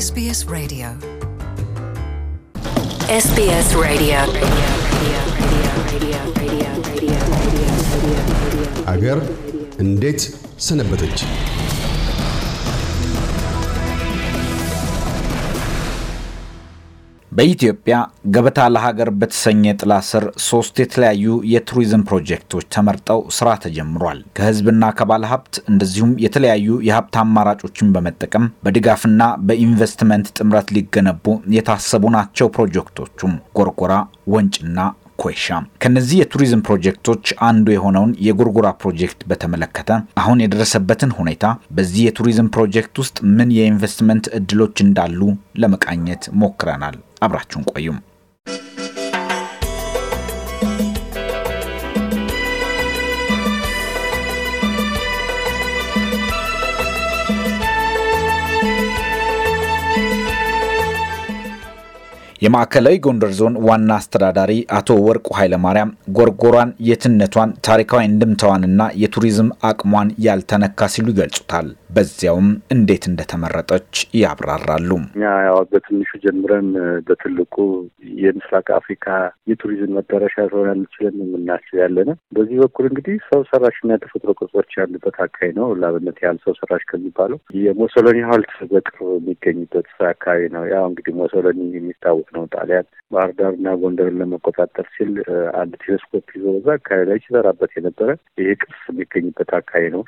SBS Radio SBS Radio አገር እንዴት ሰነበተች? በኢትዮጵያ ገበታ ለሀገር በተሰኘ ጥላ ስር ሶስት የተለያዩ የቱሪዝም ፕሮጀክቶች ተመርጠው ስራ ተጀምሯል። ከህዝብና ከባለ ሀብት እንደዚሁም የተለያዩ የሀብት አማራጮችን በመጠቀም በድጋፍና በኢንቨስትመንት ጥምረት ሊገነቡ የታሰቡ ናቸው። ፕሮጀክቶቹም ጎርጎራ፣ ወንጭና ኮይሻ። ከነዚህ የቱሪዝም ፕሮጀክቶች አንዱ የሆነውን የጉርጉራ ፕሮጀክት በተመለከተ አሁን የደረሰበትን ሁኔታ፣ በዚህ የቱሪዝም ፕሮጀክት ውስጥ ምን የኢንቨስትመንት እድሎች እንዳሉ ለመቃኘት ሞክረናል። አብራችሁን ቆዩም። የማዕከላዊ ጎንደር ዞን ዋና አስተዳዳሪ አቶ ወርቁ ኃይለማርያም ጎርጎሯን የትነቷን ታሪካዊ እንድምታዋንና የቱሪዝም አቅሟን ያልተነካ ሲሉ ይገልጹታል። በዚያውም እንዴት እንደተመረጠች ያብራራሉ። እኛ ያው በትንሹ ጀምረን በትልቁ የምስራቅ አፍሪካ የቱሪዝም መዳረሻ ትሆናለች ብለን የምናስብ ያለን በዚህ በኩል እንግዲህ ሰው ሰራሽና ተፈጥሮ ቅርጾች ያሉበት አካባቢ ነው። ላብነት ያህል ሰው ሰራሽ ከሚባለው የሞሶሎኒ ሐውልት በቅርብ የሚገኝበት አካባቢ ነው። ያው እንግዲህ ሞሶሎኒ የሚታወቅ ነው። ጣሊያን ባህር ዳርና ጎንደርን ለመቆጣጠር ሲል አንድ ቴሌስኮፕ ይዞ በዛ አካባቢ ላይ ሲሰራበት የነበረ ይሄ ቅርስ የሚገኝበት አካባቢ ነው።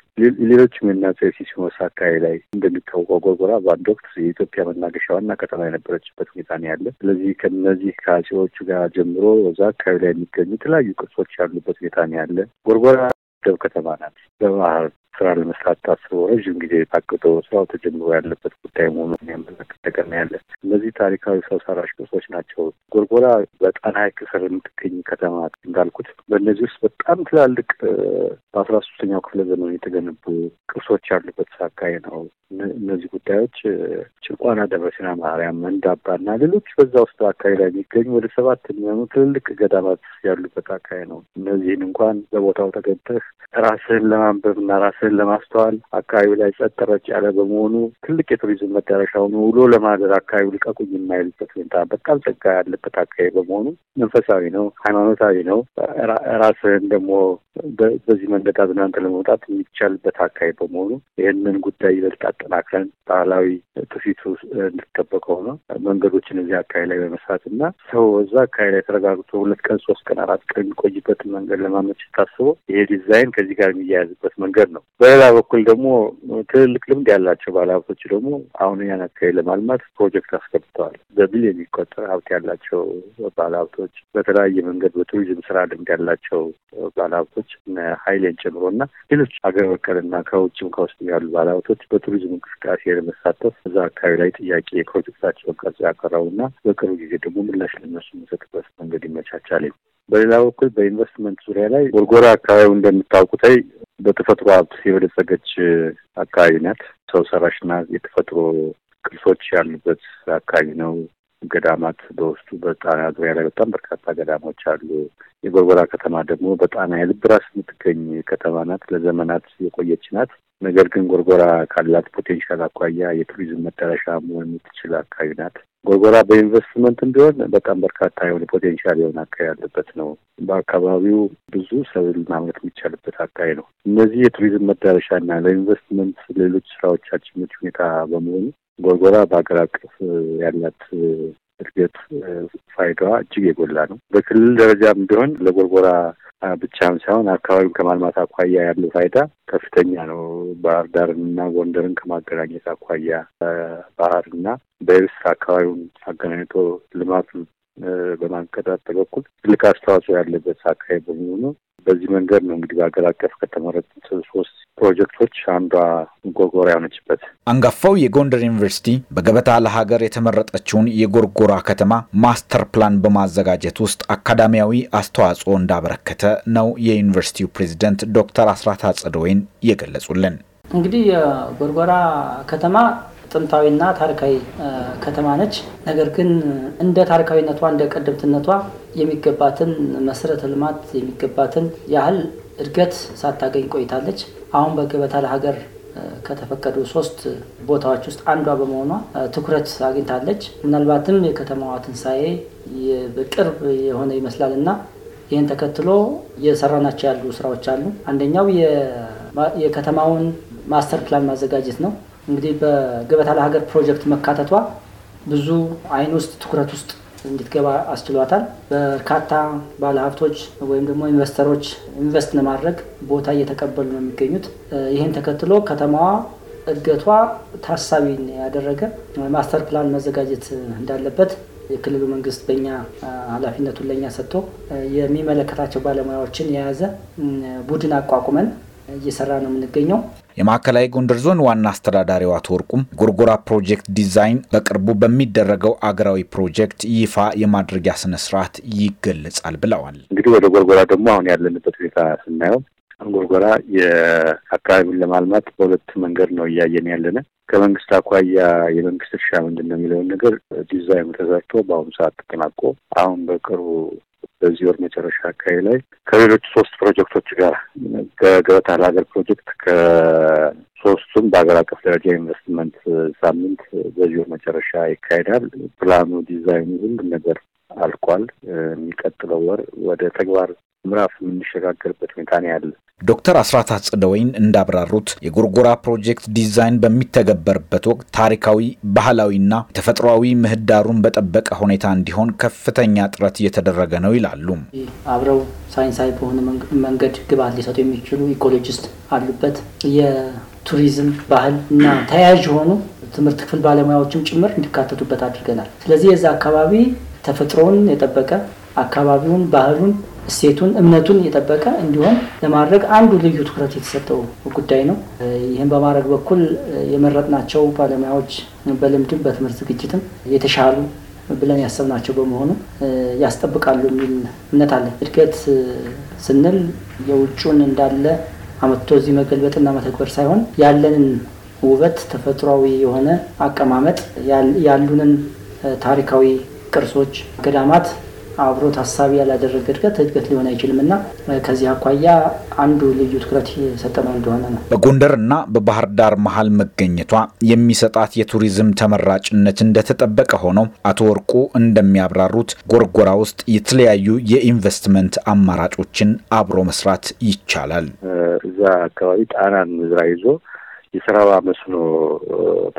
ሌሎችም የናጽ ሲሲሞስ ሀምሳ አካባቢ ላይ እንደሚታወቀው ጎርጎራ በአንድ ወቅት የኢትዮጵያ መናገሻ ዋና ከተማ የነበረችበት ሁኔታ ነው ያለ። ስለዚህ ከነዚህ ከአጼዎቹ ጋር ጀምሮ እዛ አካባቢ ላይ የሚገኙ የተለያዩ ቅርሶች ያሉበት ሁኔታ ነው ያለ ጎርጎራ የምትመደብ ከተማ ናት። በባህር ስራ ለመስራት ታስቦ ረዥም ጊዜ የታቅዶ ስራው ተጀምሮ ያለበት ጉዳይ መሆኑ የሚያመለክት ነገር ነው ያለ። እነዚህ ታሪካዊ ሰው ሰራሽ ቅርሶች ናቸው። ጎርጎራ በጣና ሐይቅ ስር የምትገኝ ከተማ እንዳልኩት፣ በእነዚህ ውስጥ በጣም ትላልቅ በአስራ ሶስተኛው ክፍለ ዘመን የተገነቡ ቅርሶች ያሉበት ሳካይ ነው። እነዚህ ጉዳዮች ጭቋና ደብረሲና ማርያም፣ መንዳባ እና ሌሎች በዛ ውስጥ አካባቢ ላይ የሚገኙ ወደ ሰባት የሚሆኑ ትልልቅ ገዳማት ያሉበት አካባቢ ነው። እነዚህን እንኳን በቦታው ተገኝተህ ራስህን ለማንበብ እና ራስህን ለማስተዋል አካባቢ ላይ ጸጥ ረጭ ያለ በመሆኑ ትልቅ የቱሪዝም መዳረሻ ሆኖ ውሎ ለማደር አካባቢ ልቀቁኝ የማይልበት ሁኔታ በጣም ጸጋ ያለበት አካባቢ በመሆኑ መንፈሳዊ ነው፣ ሃይማኖታዊ ነው። ራስህን ደግሞ በዚህ መንገድ አዝናንተ ለመውጣት የሚቻልበት አካባቢ በመሆኑ ይህንን ጉዳይ ይበልጥ አጠናክረን ባህላዊ ትውፊቱ እንዲጠበቀው ነው። መንገዶችን እዚህ አካባቢ ላይ በመስራት እና ሰው እዛ አካባቢ ላይ ተረጋግቶ ሁለት ቀን ሶስት ቀን አራት ቀን የሚቆይበትን መንገድ ለማመች ታስቦ ይሄ ዲዛይን ከዚህ ጋር የሚያያዝበት መንገድ ነው። በሌላ በኩል ደግሞ ትልልቅ ልምድ ያላቸው ባለሀብቶች ደግሞ አሁን ያን አካባቢ ለማልማት ፕሮጀክት አስገብተዋል። በቢሊዮን የሚቆጠር ሀብት ያላቸው ባለሀብቶች በተለያየ መንገድ በቱሪዝም ስራ ልምድ ያላቸው ባለሀብቶች ሀይሌን ጨምሮ እና ሌሎች ሀገር በቀልና ከውጭም ከውስጥ ያሉ ባለሀብቶች በቱሪዝም እንቅስቃሴ ስለመሳተፍ እዛ አካባቢ ላይ ጥያቄ የፕሮጀክታቸውን ያቀረቡ ያቀረቡና በቅርብ ጊዜ ደግሞ ምላሽ ለነሱ የሚሰጥበት መንገድ ይመቻቻል። በሌላ በኩል በኢንቨስትመንት ዙሪያ ላይ ጎርጎራ አካባቢው እንደምታውቁት በተፈጥሮ ሀብት የበለጸገች አካባቢ ናት። ሰው ሰራሽና የተፈጥሮ ቅርሶች ያሉበት አካባቢ ነው። ገዳማት በውስጡ በጣና ዙሪያ ላይ በጣም በርካታ ገዳሞች አሉ። የጎርጎራ ከተማ ደግሞ በጣና የልብ ራስ የምትገኝ ከተማ ናት። ለዘመናት የቆየች ናት። ነገር ግን ጎርጎራ ካላት ፖቴንሻል አኳያ የቱሪዝም መዳረሻ መሆን የምትችል አካባቢ ናት። ጎርጎራ በኢንቨስትመንትም ቢሆን በጣም በርካታ የሆነ ፖቴንሻል የሆነ አካባቢ ያለበት ነው። በአካባቢው ብዙ ሰብል ማምረት የሚቻልበት አካባቢ ነው። እነዚህ የቱሪዝም መዳረሻና ለኢንቨስትመንት ሌሎች ስራዎቻችን ምቹ ሁኔታ በመሆኑ ጎርጎራ በሀገር አቀፍ ያላት እድገት ፋይዳዋ እጅግ የጎላ ነው። በክልል ደረጃም ቢሆን ለጎርጎራ ብቻም ሳይሆን አካባቢውን ከማልማት አኳያ ያለው ፋይዳ ከፍተኛ ነው። ባህር ዳርንና ጎንደርን ከማገናኘት አኳያ ባህርና በየብስ አካባቢውን አገናኝቶ ልማቱን በማንቀጣጠል በኩል ትልቅ አስተዋጽኦ ያለበት አካባቢ በመሆኑ በዚህ መንገድ ነው እንግዲህ በሀገር አቀፍ ከተመረጡት ሶስት ፕሮጀክቶች አንዷ ጎርጎራ የሆነችበት አንጋፋው የጎንደር ዩኒቨርሲቲ በገበታ ለሀገር የተመረጠችውን የጎርጎራ ከተማ ማስተር ፕላን በማዘጋጀት ውስጥ አካዳሚያዊ አስተዋጽኦ እንዳበረከተ ነው የዩኒቨርሲቲው ፕሬዚደንት ዶክተር አስራት አጸደወይን የገለጹልን። እንግዲህ የጎርጎራ ከተማ ጥንታዊና ታሪካዊ ከተማ ነች። ነገር ግን እንደ ታሪካዊነቷ እንደ ቀደምትነቷ የሚገባትን መሰረተ ልማት የሚገባትን ያህል እድገት ሳታገኝ ቆይታለች። አሁን በገበታ ለሀገር ከተፈቀዱ ሶስት ቦታዎች ውስጥ አንዷ በመሆኗ ትኩረት አግኝታለች። ምናልባትም የከተማዋ ትንሳኤ በቅርብ የሆነ ይመስላል እና ይህን ተከትሎ እየሰራናቸው ያሉ ስራዎች አሉ። አንደኛው የከተማውን ማስተር ፕላን ማዘጋጀት ነው። እንግዲህ በገበታ ለሀገር ፕሮጀክት መካተቷ ብዙ አይን ውስጥ ትኩረት ውስጥ እንድትገባ አስችሏታል። በርካታ ባለሀብቶች ወይም ደግሞ ኢንቨስተሮች ኢንቨስት ለማድረግ ቦታ እየተቀበሉ ነው የሚገኙት። ይህን ተከትሎ ከተማዋ እድገቷ ታሳቢ ያደረገ ማስተር ፕላን መዘጋጀት እንዳለበት የክልሉ መንግስት በእኛ ኃላፊነቱን ለእኛ ሰጥቶ የሚመለከታቸው ባለሙያዎችን የያዘ ቡድን አቋቁመን እየሰራ ነው የምንገኘው። የማዕከላዊ ጎንደር ዞን ዋና አስተዳዳሪው አቶ ወርቁም የጎርጎራ ፕሮጀክት ዲዛይን በቅርቡ በሚደረገው አገራዊ ፕሮጀክት ይፋ የማድረጊያ ስነስርዓት ይገለጻል ብለዋል። እንግዲህ ወደ ጎርጎራ ደግሞ አሁን ያለንበት ሁኔታ ስናየው ጎርጎራ የአካባቢውን ለማልማት በሁለት መንገድ ነው እያየን ያለነ። ከመንግስት አኳያ የመንግስት እርሻ ምንድን ነው የሚለውን ነገር ዲዛይኑ ተሰርቶ በአሁኑ ሰዓት ተጠናቆ አሁን በቅርቡ በዚህ ወር መጨረሻ አካባቢ ላይ ከሌሎች ሶስት ፕሮጀክቶች ጋር ከገበታ ለሀገር ፕሮጀክት ከሶስቱም በሀገር አቀፍ ደረጃ ኢንቨስትመንት ሳምንት በዚህ ወር መጨረሻ ይካሄዳል። ፕላኑ፣ ዲዛይኑ ሁሉ ነገር አልቋል። የሚቀጥለው ወር ወደ ተግባር ምዕራፍ የምንሸጋገርበት ሁኔታ ነው ያለ። ዶክተር አስራት አጽደወይን እንዳብራሩት የጎርጎራ ፕሮጀክት ዲዛይን በሚተገበርበት ወቅት ታሪካዊ፣ ባህላዊና ተፈጥሯዊ ምህዳሩን በጠበቀ ሁኔታ እንዲሆን ከፍተኛ ጥረት እየተደረገ ነው ይላሉ። አብረው ሳይንሳዊ በሆነ መንገድ ግብዓት ሊሰጡ የሚችሉ ኢኮሎጂስት አሉበት። የቱሪዝም ባህል እና ተያያዥ የሆኑ ትምህርት ክፍል ባለሙያዎችም ጭምር እንዲካተቱበት አድርገናል። ስለዚህ የዛ አካባቢ ተፈጥሮውን የጠበቀ አካባቢውን፣ ባህሉን፣ እሴቱን፣ እምነቱን የጠበቀ እንዲሆን ለማድረግ አንዱ ልዩ ትኩረት የተሰጠው ጉዳይ ነው። ይህን በማድረግ በኩል የመረጥናቸው ባለሙያዎች በልምድም በትምህርት ዝግጅትም የተሻሉ ብለን ያሰብናቸው በመሆኑ ያስጠብቃሉ የሚል እምነት አለ። እድገት ስንል የውጩን እንዳለ አመቶ እዚህ መገልበጥና መተግበር ሳይሆን ያለንን ውበት፣ ተፈጥሯዊ የሆነ አቀማመጥ ያሉንን ታሪካዊ ቅርሶች፣ ገዳማት አብሮ ታሳቢ ያላደረገ እድገት እድገት ሊሆን አይችልም እና ከዚህ አኳያ አንዱ ልዩ ትኩረት የሰጠነው እንደሆነ ነው። በጎንደርና በባህር ዳር መሀል መገኘቷ የሚሰጣት የቱሪዝም ተመራጭነት እንደተጠበቀ ሆነው አቶ ወርቁ እንደሚያብራሩት ጎርጎራ ውስጥ የተለያዩ የኢንቨስትመንት አማራጮችን አብሮ መስራት ይቻላል። እዛ አካባቢ ጣናን ምዝራ ይዞ የሰራባ መስኖ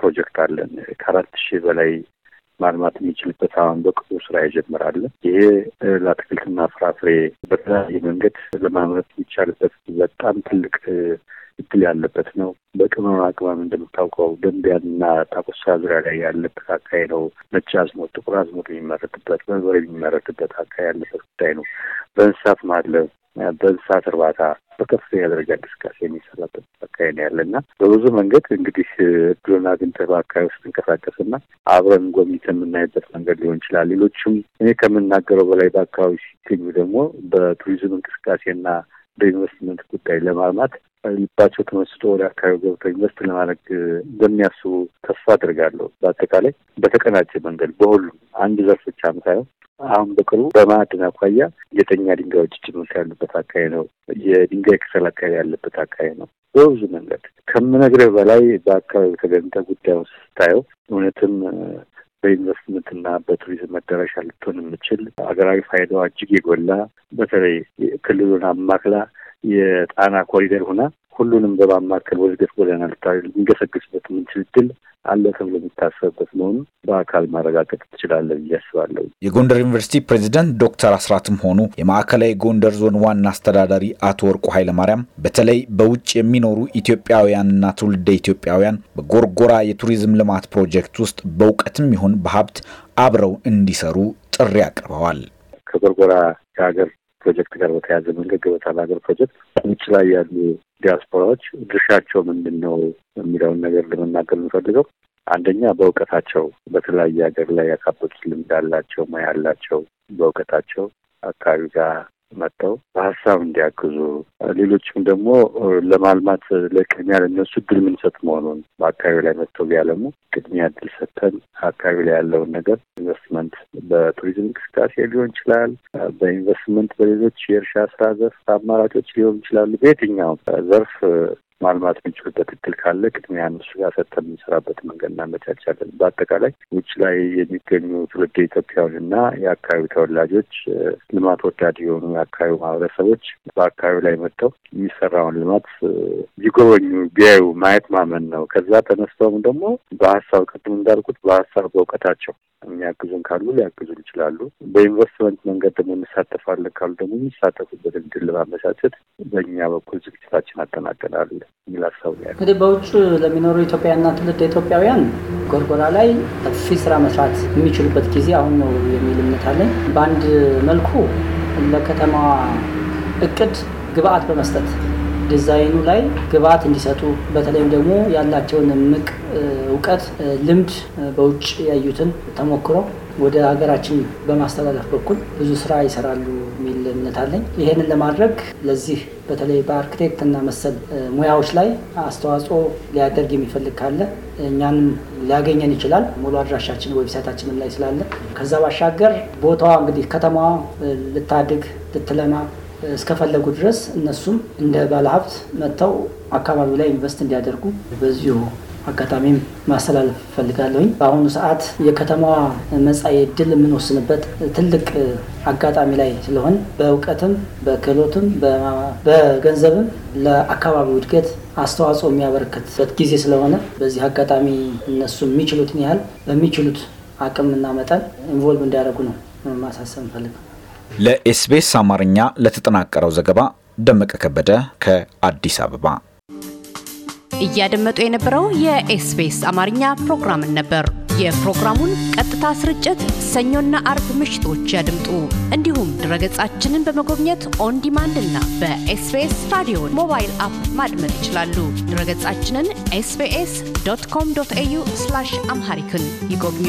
ፕሮጀክት አለን ከአራት ሺህ በላይ ማልማት የሚችልበት አሁን በቅጡ ስራ ይጀምራል። ይሄ ለአትክልትና ፍራፍሬ በተለያየ መንገድ ለማምረት የሚቻልበት በጣም ትልቅ እድል ያለበት ነው። በቅመማ ቅመም እንደምታውቀው ደንቢያንና ታቆሳ ዙሪያ ላይ ያለበት አካባቢ ነው። ነጭ አዝሙድ፣ ጥቁር አዝሙድ የሚመረትበት በርበሬ የሚመረትበት አካባቢ ያለበት ጉዳይ ነው። በእንስሳት ማለብ በእንስሳት እርባታ በከፍተኛ ደረጃ እንቅስቃሴ የሚሰራበት አካባቢ ያለ እና በብዙ መንገድ እንግዲህ እድሉን አግኝተህ በአካባቢ ውስጥ እንቀሳቀስ እና አብረን ጎብኝተ የምናይበት መንገድ ሊሆን ይችላል። ሌሎችም እኔ ከምናገረው በላይ በአካባቢ ሲገኙ ደግሞ በቱሪዝም እንቅስቃሴና በኢንቨስትመንት ጉዳይ ለማልማት ልባቸው ተመስጦ ወደ አካባቢ ገብተው ኢንቨስት ለማድረግ እንደሚያስቡ ተስፋ አድርጋለሁ። በአጠቃላይ በተቀናጀ መንገድ በሁሉም አንድ ዘርፍ ብቻም ሳይሆን አሁን በቅርቡ በማዕድን አኳያ የተኛ ድንጋዮች ችግሮች ያሉበት አካባቢ ነው። የድንጋይ ክሰል አካባቢ ያለበት አካባቢ ነው። በብዙ መንገድ ከምነግርህ በላይ በአካባቢ ተገንጠ ጉዳዩን ስታየው እውነትም በኢንቨስትመንት በኢንቨስትመንትና በቱሪዝም መዳረሻ ልትሆን የምችል ሀገራዊ ፋይዳዋ እጅግ የጎላ በተለይ ክልሉን አማክላ የጣና ኮሪደር ሁና ሁሉንም በማማከል ወደ እድገት ጎዳና ልንገሰግስበት የምንችል ድል አለ ተብሎ የሚታሰብበት መሆኑ በአካል ማረጋገጥ ትችላለን ብዬ አስባለሁ። የጎንደር ዩኒቨርሲቲ ፕሬዚደንት ዶክተር አስራትም ሆኑ የማዕከላዊ ጎንደር ዞን ዋና አስተዳዳሪ አቶ ወርቁ ኃይለማርያም በተለይ በውጭ የሚኖሩ ኢትዮጵያውያንና ትውልደ ኢትዮጵያውያን በጎርጎራ የቱሪዝም ልማት ፕሮጀክት ውስጥ በእውቀትም ይሁን በሀብት አብረው እንዲሰሩ ጥሪ አቅርበዋል። ከጎርጎራ የሀገር ፕሮጀክት ጋር በተያያዘ መንገድ ገበታ ለሀገር ፕሮጀክት ውጭ ላይ ያሉ ዲያስፖራዎች ድርሻቸው ምንድን ነው የሚለውን ነገር ለመናገር የምፈልገው አንደኛ በእውቀታቸው በተለያየ ሀገር ላይ ያካበቱት ልምድ አላቸው፣ ሙያ አላቸው። በእውቀታቸው አካባቢ ጋር መጥተው በሀሳብ እንዲያግዙ ሌሎችም ደግሞ ለማልማት ለቅድሚያ ለእነሱ እድል የምንሰጥ መሆኑን በአካባቢ ላይ መጥተው ቢያለሙ ቅድሚያ እድል ሰጥተን አካባቢ ላይ ያለውን ነገር ኢንቨስትመንት በቱሪዝም እንቅስቃሴ ሊሆን ይችላል። በኢንቨስትመንት በሌሎች የእርሻ ስራ ዘርፍ አማራጮች ሊሆን ይችላሉ። በየትኛውም ዘርፍ ማልማት የምንችልበት እድል ካለ ቅድሚያ እነሱ ጋር ሰጥተን የምንሰራበት መንገድ እናመቻቻለን። በአጠቃላይ ውጭ ላይ የሚገኙ ትውልደ ኢትዮጵያውያንና የአካባቢ ተወላጆች ልማት ወዳድ የሆኑ የአካባቢ ማህበረሰቦች በአካባቢው ላይ መጥተው የሚሰራውን ልማት ቢጎበኙ ቢያዩ፣ ማየት ማመን ነው። ከዛ ተነስተውም ደግሞ በሀሳብ ቅድም እንዳልኩት በሀሳብ በእውቀታቸው የሚያግዙን ካሉ ሊያግዙን ይችላሉ። በኢንቨስትመንት መንገድ ደግሞ እንሳተፋለን ካሉ ደግሞ የሚሳተፉበት እድል ለማመቻቸት በእኛ በኩል ዝግጅታችን አጠናቀናል የሚል ሀሳብ ነው እንግዲህ በውጭ ለሚኖሩ ኢትዮጵያና ትውልድ ኢትዮጵያውያን ጎርጎራ ላይ ሰፊ ስራ መስራት የሚችሉበት ጊዜ አሁን ነው የሚል እምነት አለኝ። በአንድ መልኩ ለከተማዋ እቅድ ግብአት በመስጠት ዲዛይኑ ላይ ግብዓት እንዲሰጡ በተለይም ደግሞ ያላቸውን እምቅ እውቀት፣ ልምድ በውጭ ያዩትን ተሞክሮ ወደ ሀገራችን በማስተላለፍ በኩል ብዙ ስራ ይሰራሉ የሚል እምነት አለኝ። ይህንን ለማድረግ ለዚህ በተለይ በአርክቴክት እና መሰል ሙያዎች ላይ አስተዋጽኦ ሊያደርግ የሚፈልግ ካለ እኛንም ሊያገኘን ይችላል። ሙሉ አድራሻችን ዌብሳይታችንም ላይ ስላለ ከዛ ባሻገር ቦታዋ እንግዲህ ከተማዋ ልታድግ ልትለማ እስከፈለጉ ድረስ እነሱም እንደ ባለሀብት መጥተው አካባቢው ላይ ኢንቨስት እንዲያደርጉ በዚሁ አጋጣሚም ማስተላለፍ እፈልጋለሁኝ። በአሁኑ ሰዓት የከተማዋ መጻኢ ዕድል የምንወስንበት ትልቅ አጋጣሚ ላይ ስለሆን በእውቀትም በክህሎትም በገንዘብም ለአካባቢው እድገት አስተዋጽኦ የሚያበረክትበት ጊዜ ስለሆነ በዚህ አጋጣሚ እነሱ የሚችሉትን ያህል በሚችሉት አቅምና መጠን ኢንቮልቭ እንዲያደርጉ ነው ማሳሰብ እንፈልጋል። ለኤስቢኤስ አማርኛ ለተጠናቀረው ዘገባ ደመቀ ከበደ ከአዲስ አበባ። እያደመጡ የነበረው የኤስቢኤስ አማርኛ ፕሮግራምን ነበር። የፕሮግራሙን ቀጥታ ስርጭት ሰኞና አርብ ምሽቶች ያድምጡ። እንዲሁም ድረገጻችንን በመጎብኘት ኦን ዲማንድ እና በኤስቢኤስ ራዲዮን ሞባይል አፕ ማድመጥ ይችላሉ። ድረገጻችንን ኤስቢኤስ ዶት ኮም ዶት ኤዩ አምሃሪክን ይጎብኙ።